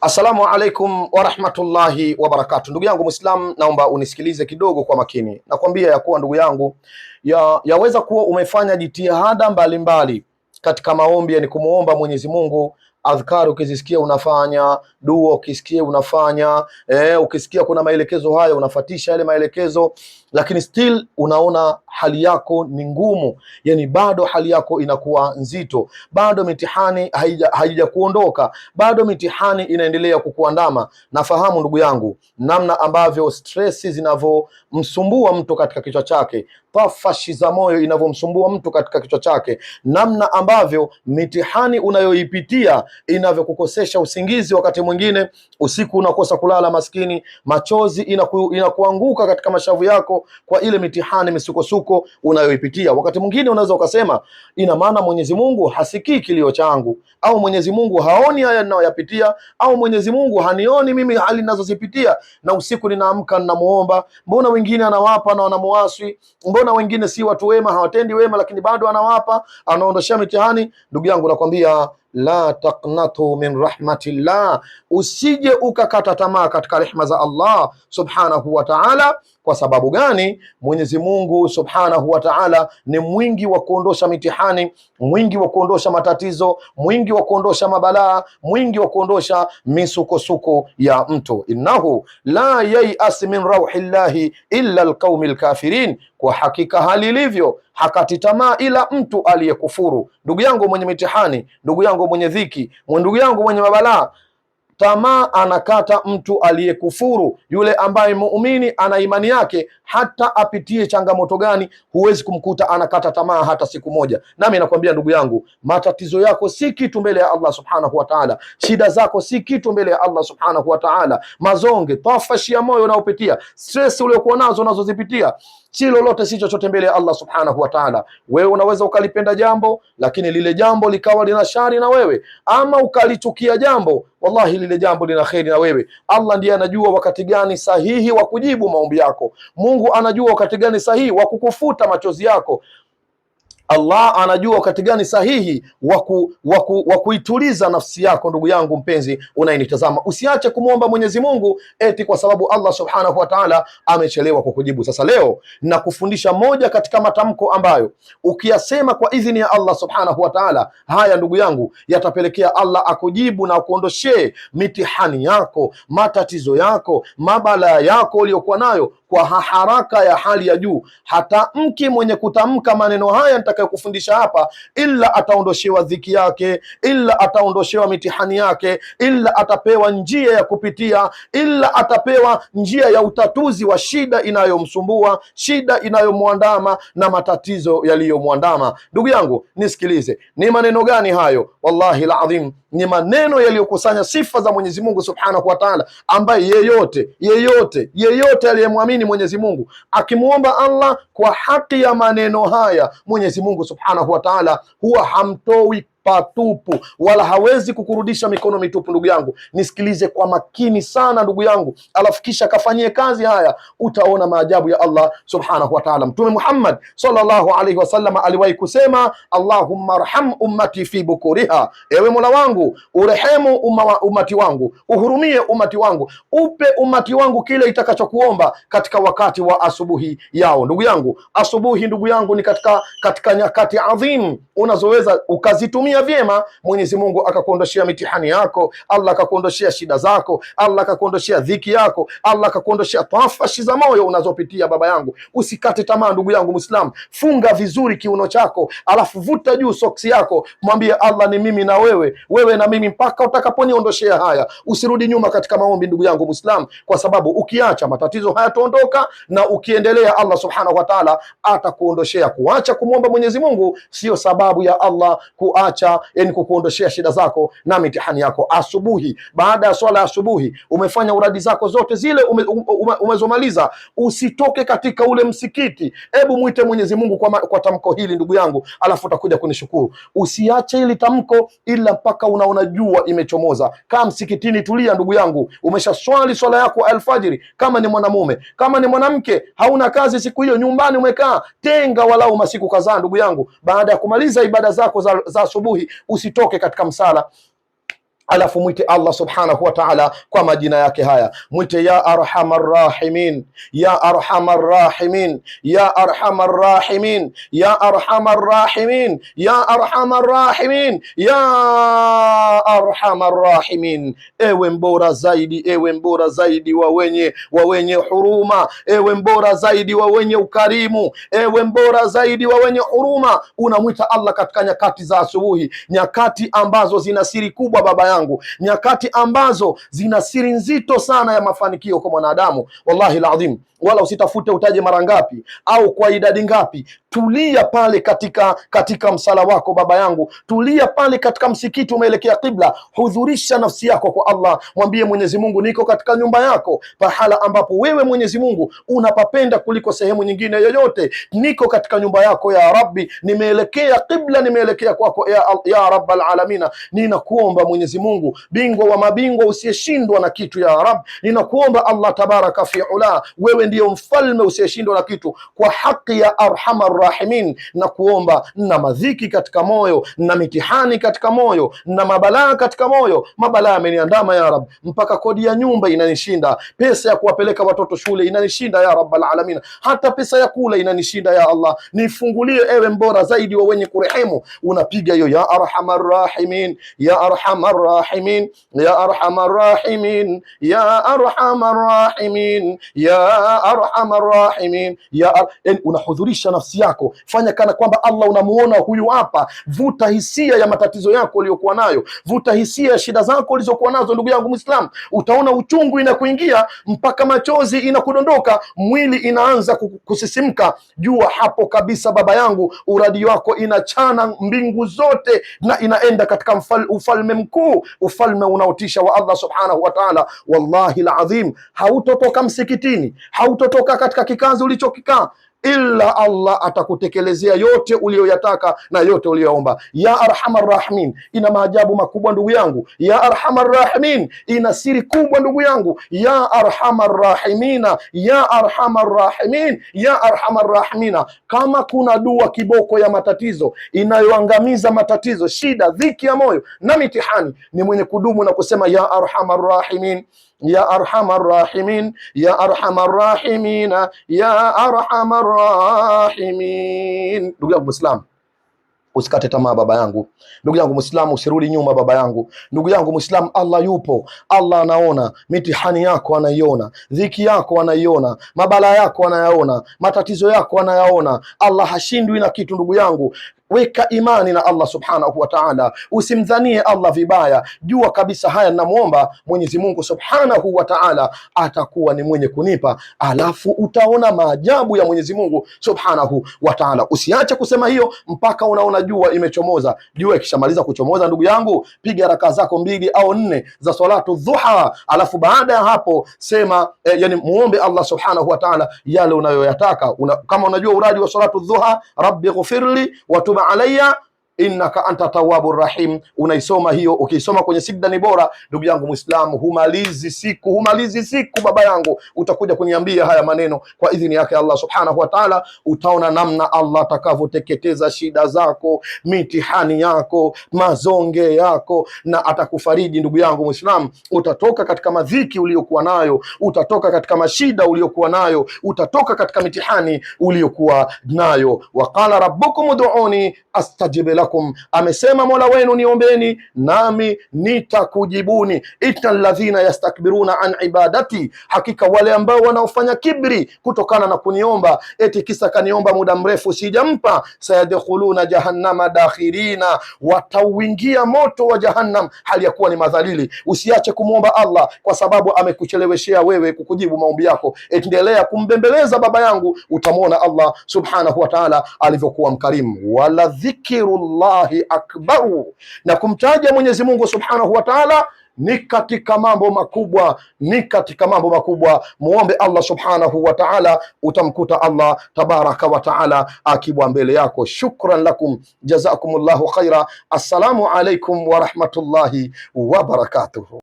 Assalamu alaikum warahmatullahi wabarakatu. Ndugu yangu Muislam, naomba unisikilize kidogo kwa makini. Nakwambia ya kuwa ndugu yangu, ya yaweza kuwa umefanya jitihada mbalimbali katika maombi, yani kumuomba Mwenyezi Mungu adhkari ukizisikia unafanya, dua ukisikia unafanya, eh, ukisikia kuna maelekezo haya unafatisha yale maelekezo, lakini still unaona hali yako ni ngumu, yani bado hali yako inakuwa nzito, bado mitihani haijakuondoka, bado mitihani inaendelea kukuandama. Nafahamu ndugu yangu, namna ambavyo stresi zinavyomsumbua mtu katika kichwa chake, tafashi za moyo inavyomsumbua mtu katika kichwa chake, namna ambavyo mitihani unayoipitia inavyokukosesha usingizi. Wakati mwingine usiku unakosa kulala, maskini, machozi inaku, inakuanguka katika mashavu yako kwa ile mitihani misukosuko unayoipitia. Wakati mwingine unaweza ukasema, ina maana Mwenyezi Mungu hasikii kilio changu, au Mwenyezi Mungu haoni haya ninayoyapitia, au Mwenyezi Mungu hanioni mimi hali ninazozipitia, na usiku ninaamka ninamuomba. Mbona wengine anawapa na wanamuasi? Mbona wengine si watu wema, hawatendi wema, lakini bado anawapa, anaondoshea mitihani. Ndugu yangu nakwambia la taqnatu min rahmatillah, usije ukakata tamaa katika rehma za Allah subhanahu wa ta'ala. Kwa sababu gani? Mwenyezi Mungu Subhanahu wa Ta'ala ni mwingi wa kuondosha mitihani, mwingi wa kuondosha matatizo, mwingi wa kuondosha mabalaa, mwingi wa kuondosha misukosuko ya mtu. Innahu la yayasi min rauhillahi illa alqaumil kafirin, kwa hakika hali ilivyo hakati tamaa ila mtu aliyekufuru. Ndugu yangu mwenye mitihani, ndugu yangu mwenye dhiki, ndugu yangu mwenye mabalaa Tamaa anakata mtu aliyekufuru, yule ambaye muumini ana imani yake, hata apitie changamoto gani, huwezi kumkuta anakata tamaa hata siku moja. Nami nakwambia ndugu yangu, matatizo yako si kitu mbele ya Allah subhanahu wa ta'ala, shida zako si kitu mbele ya Allah subhanahu wa ta'ala. Mazonge, tafashi ya moyo unaopitia, stress uliokuwa nazo unazozipitia si lolote si chochote mbele ya Allah subhanahu wa ta'ala. Wewe unaweza ukalipenda jambo lakini lile jambo likawa lina shari na wewe, ama ukalichukia jambo, wallahi lile jambo lina kheri na wewe. Allah ndiye anajua wakati gani sahihi wa kujibu maombi yako. Mungu anajua wakati gani sahihi wa kukufuta machozi yako. Allah anajua wakati gani sahihi wa waku, waku, kuituliza nafsi yako. Ndugu yangu mpenzi unayenitazama, usiache kumwomba Mwenyezi Mungu eti kwa sababu Allah subhanahu wa taala amechelewa kukujibu. Sasa leo na kufundisha moja katika matamko ambayo ukiyasema kwa idhini ya Allah subhanahu wa taala, haya ndugu yangu, yatapelekea Allah akujibu na akuondoshee mitihani yako, matatizo yako, mabalaa yako uliyokuwa nayo kwa haraka ya hali ya juu. hata mki mwenye kutamka maneno haya nitakayokufundisha hapa, ila ataondoshewa dhiki yake, ila ataondoshewa mitihani yake, ila atapewa njia ya kupitia, ila atapewa njia ya utatuzi wa shida inayomsumbua, shida inayomwandama na matatizo yaliyomwandama. Ndugu yangu nisikilize, ni maneno gani hayo? Wallahi alazim ni maneno yaliyokusanya sifa za Mwenyezi Mungu Subhanahu wa Ta'ala, ambaye yeyote yeyote yeyote aliyemwamini Mwenyezi Mungu akimwomba Allah kwa haki ya maneno haya, Mwenyezi Mungu Subhanahu wa Ta'ala huwa hamtoi patupu, wala hawezi kukurudisha mikono mitupu. Ndugu yangu, nisikilize kwa makini sana ndugu yangu, alafu kisha kafanyie kazi haya, utaona maajabu ya Allah subhanahu wa ta'ala. Mtume Muhammad sallallahu alaihi wasallam aliwahi kusema, Allahumma arham ummati fi bukuriha, ewe Mola wangu urehemu umma, umati wangu uhurumie umati wangu upe umati wangu kile itakachokuomba katika wakati wa asubuhi yao. Ndugu yangu, asubuhi ndugu yangu ni katika katika nyakati adhim unazoweza ukazitumia ukitumia vyema, Mwenyezi Mungu akakuondoshea mitihani yako, Allah akakuondoshea shida zako, Allah akakuondoshea dhiki yako, Allah akakuondoshea tafashi za moyo unazopitia. Baba yangu, usikate tamaa, ndugu yangu Muislam, funga vizuri kiuno chako, alafu vuta juu soksi yako, mwambie Allah, ni mimi na wewe, wewe na mimi, mpaka utakaponiondoshea haya. Usirudi nyuma katika maombi, ndugu yangu Muislam, kwa sababu ukiacha matatizo hayataondoka, na ukiendelea, Allah subhanahu wa taala atakuondoshea. Kuacha kumwomba Mwenyezi Mungu sio sababu ya Allah kuacha kukuacha yani kukuondoshea shida zako na mitihani yako. Asubuhi baada ya swala ya asubuhi, umefanya uradi zako zote zile ume, um, ume, umezomaliza, usitoke katika ule msikiti. Hebu mwite Mwenyezi Mungu kwa, kwa tamko hili ndugu yangu, alafu utakuja kunishukuru. Usiache hili tamko ila mpaka unaona jua imechomoza. Kaa msikitini, tulia ndugu yangu, umesha swali swala yako alfajiri. Kama ni mwanamume, kama ni mwanamke, hauna kazi siku hiyo, nyumbani umekaa, tenga walau masiku kadhaa ndugu yangu, baada ya kumaliza ibada zako za asubuhi asubuhi usitoke katika msala alafu mwite Allah subhanahu wa ta'ala kwa majina yake haya, mwite ya arhamar rahimin, ya arhamar rahimin, ya arhamar rahimin, ya arhamar rahimin, ya arhamar rahimin, ya arhamar rahimin. Ewe mbora zaidi, ewe mbora zaidi wa wenye wa wenye huruma, ewe mbora zaidi wa wenye ukarimu, ewe mbora zaidi wa wenye huruma. Unamwita Allah katika nyakati za asubuhi, nyakati ambazo zina siri kubwa, baba yangu zangu, nyakati ambazo zina siri nzito sana ya mafanikio kwa mwanadamu, wallahi ladhim wala usitafute utaje mara ngapi au kwa idadi ngapi. Tulia pale katika katika msala wako, baba yangu, tulia pale katika msikiti, umeelekea kibla, hudhurisha nafsi yako kwa Allah, mwambie Mwenyezi Mungu, niko katika nyumba yako, pahala ambapo wewe Mwenyezi Mungu unapapenda kuliko sehemu nyingine yoyote. Niko katika nyumba yako ya Rabbi, nimeelekea kibla, nimeelekea kwako ya, ya Rabbal alamina. Ninakuomba Mwenyezi Mungu, bingwa wa mabingwa, usiyeshindwa na kitu, ya Rabb, ninakuomba Allah tabaraka fi ula, wewe ndiyo mfalme usiyeshindwa na kitu, kwa haki ya arhamar rahimin, na kuomba na madhiki katika moyo na mitihani katika moyo na mabalaa katika moyo, mabalaa ameniandama ya Rab, mpaka kodi ya nyumba inanishinda, pesa ya kuwapeleka watoto shule inanishinda ya Rabbal alamin, hata pesa ya kula inanishinda ya Allah, nifungulie ewe mbora zaidi wa wenye kurehemu. Unapiga hiyo ya arhamar rahimin, ya arhamar rahimin, ya arhamar rahimin, ya arhamar rahimin ya ya arhamar rahimin ya yani, unahudhurisha nafsi yako, fanya kana kwamba Allah unamuona huyu hapa. Vuta hisia ya matatizo yako uliyokuwa nayo, vuta hisia ya shida zako ulizokuwa nazo, ndugu yangu Muislam, utaona uchungu inakuingia mpaka machozi inakudondoka, mwili inaanza kusisimka. Jua hapo kabisa, baba yangu, uradi wako inachana mbingu zote na inaenda katika mfal, ufalme mkuu, ufalme unaotisha wa Allah subhanahu wa ta'ala. Wallahi ladhim hautotoka msikitini hauto hautotoka katika kikanzi ulichokikaa illa Allah atakutekelezea yote uliyoyataka na yote uliyoomba. Ya arhamar rahimin, ina maajabu makubwa ndugu yangu. Ya arhamar rahimin, ina siri kubwa ndugu yangu. Ya arhamar rahimina, ya arhamar rahimin, ya arhamar rahimina. Kama kuna dua kiboko ya matatizo inayoangamiza matatizo, shida, dhiki ya moyo na mitihani, ni mwenye kudumu na kusema ya arhamar rahimin ya arhamar rahimin ya arhamar rahimina ya arhamar rahimin. Ndugu yangu Muislamu, usikate tamaa baba yangu. Ndugu yangu Muislamu, usirudi nyuma baba yangu. Ndugu yangu Muislamu, Allah yupo, Allah anaona mitihani yako, anaiona dhiki yako, anaiona mabala yako, anayaona matatizo yako, anayaona. Allah hashindwi na kitu, ndugu yangu. Weka imani na Allah subhanahu wataala, usimdhanie Allah vibaya. Jua kabisa haya namwomba Mwenyezi Mungu subhanahu wataala, atakuwa ni mwenye kunipa, alafu utaona maajabu ya Mwenyezi Mungu subhanahu wataala. Usiache kusema hiyo mpaka unaona jua imechomoza. Jua ikishamaliza kuchomoza, ndugu yangu, piga rakaa zako mbili au nne za salatu dhuha, alafu baada ya hapo sema eh, yani muombe Allah subhanahu wataala yale unayoyataka. Una, kama unajua uradi wa salatu dhuha, rabbi ghufirli wa يتوب علي innaka anta tawabu rahim. Unaisoma hiyo, ukiisoma kwenye sijda ni bora, ndugu yangu Muislamu, humalizi siku, humalizi siku. Baba yangu, utakuja kuniambia haya maneno kwa idhini yake Allah subhanahu wa taala. Utaona namna Allah atakavyoteketeza shida zako, mitihani yako, mazonge yako, na atakufariji ndugu yangu Muislamu. Utatoka katika madhiki uliyokuwa nayo, utatoka katika mashida uliyokuwa nayo, utatoka katika mitihani uliyokuwa nayo. Waqala rabbukum ud'uni astajib lakum da'akum, amesema mola wenu niombeni nami nitakujibuni. itna ladhina yastakbiruna an ibadati, hakika wale ambao wanaofanya kibri kutokana na kuniomba, eti kisa kaniomba muda mrefu sijampa, sayadkhuluna jahannama dakhirina, watauingia moto wa jahannam hali ya kuwa ni madhalili. Usiache kumwomba Allah kwa sababu amekucheleweshea wewe kukujibu maombi yako. Endelea kumbembeleza baba yangu, utamwona Allah subhanahu wa ta'ala alivyokuwa mkarimu. wala dhikru llahi akbaru, na kumtaja Mwenyezi Mungu subhanahu wa taala ni katika mambo makubwa, ni katika mambo makubwa. Muombe Allah subhanahu wa taala, utamkuta Allah tabaraka wa taala akibwa mbele yako. Shukran lakum, jazakumullahu khaira. Assalamu alaikum warahmatullahi wabarakatuhu.